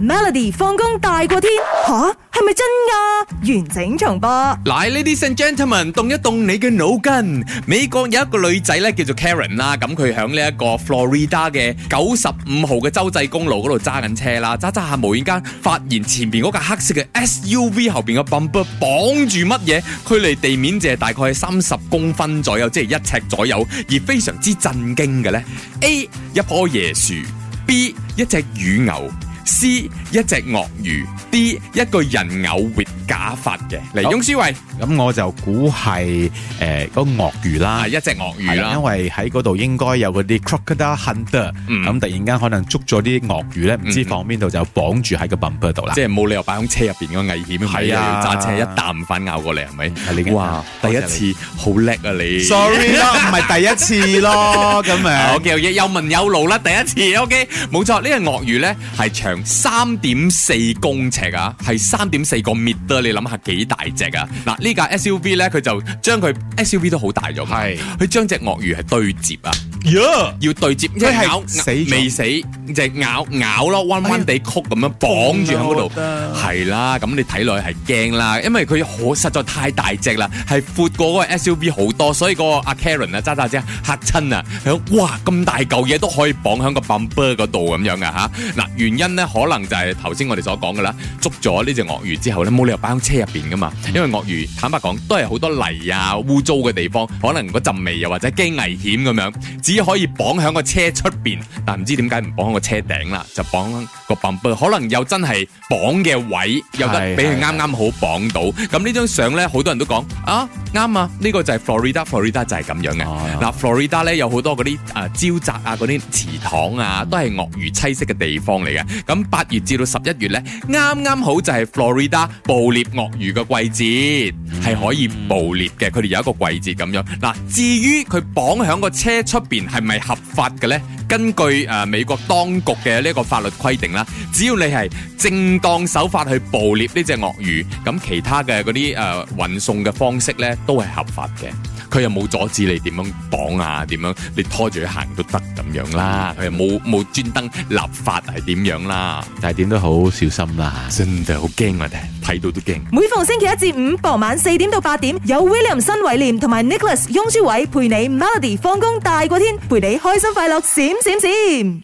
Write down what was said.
Melody 放工大過天吓？係咪真㗎、啊？完整重播。嗱，l a d i e s、Ladies、and Gentlemen，動一動你嘅腦筋。美國有一個女仔咧，叫做 Karen 啦、啊，咁佢響呢一個 Florida 嘅九十五號嘅州際公路嗰度揸緊車啦，揸、啊、揸下，無意間發現前邊嗰架黑色嘅 SUV 後邊嘅 bumper 綁住乜嘢？距離地面淨係大概三十公分左右，即係一尺左右，而非常之震驚嘅咧。A 一棵椰樹，B 一隻乳牛。C 一隻鱷魚，D 一個人偶換假髮嘅，嚟翁書慧，咁我就估係誒個鱷魚啦，係一隻鱷魚啦，因為喺嗰度應該有嗰啲 crocodile hunter，咁突然間可能捉咗啲鱷魚咧，唔知放邊度就綁住喺個 bumper 度啦，即係冇理由擺喺車入邊咁危險嘅，係啊，揸車一啖翻咬過嚟係咪？係你哇，第一次好叻啊你！sorry 啦，唔係第一次咯，咁樣，我叫嘢有文有路啦，第一次，ok，冇錯，呢隻鱷魚咧係長。三點四公尺啊，係三點四個米啦，你諗下幾大隻啊！嗱，呢架 SUV 咧，佢就將佢 SUV 都好大咗，係佢是將隻鱷魚係對接啊。要對接，咬死未死，就咬咬咯，彎彎地曲咁樣綁住喺嗰度，係啦。咁你睇落去係驚啦，因為佢好實在太大隻啦，係闊過嗰個 SUV 好多，所以個阿 Karen 啊揸揸啫嚇親啊，係咯，哇咁大嚿嘢都可以綁喺個 bumper 嗰度咁樣噶嚇。嗱，原因咧可能就係頭先我哋所講嘅啦，捉咗呢隻鱷魚之後咧，冇理由擺喺車入邊噶嘛，因為鱷魚坦白講都係好多泥啊，污糟嘅地方，可能嗰陣味又或者驚危險咁樣，只只可以綁喺個車出邊，但唔知點解唔綁喺個車頂啦，就綁個泵。可能又真係綁嘅位又得，俾佢啱啱好綁到。咁呢張相呢，好多人都講啊啱啊，呢個就係 Florida，Florida 就係咁樣嘅。嗱，Florida 咧有好多嗰啲啊沼澤啊，嗰啲池塘啊，都係鱷魚棲息嘅地方嚟嘅。咁八月至到十一月呢，啱啱好就係 Florida 捕獵鱷魚嘅季節。係可以捕獵嘅，佢哋有一個季節咁樣。嗱，至於佢綁喺個車出邊係咪合法嘅呢？根據誒美國當局嘅呢個法律規定啦，只要你係正當手法去捕獵呢隻鱷魚，咁其他嘅嗰啲誒運送嘅方式呢都係合法嘅。佢又冇阻止你點樣綁啊，點樣你拖住佢行都得咁樣啦。佢又冇冇專登立法係點樣啦。但係點都好小心啦。真係好驚，我哋睇到都驚。每逢星期一至五傍晚四點到八點，有 William 新偉廉同埋 Nicholas 雍舒偉陪你 Melody 放工大過天，陪你開心快樂閃閃閃。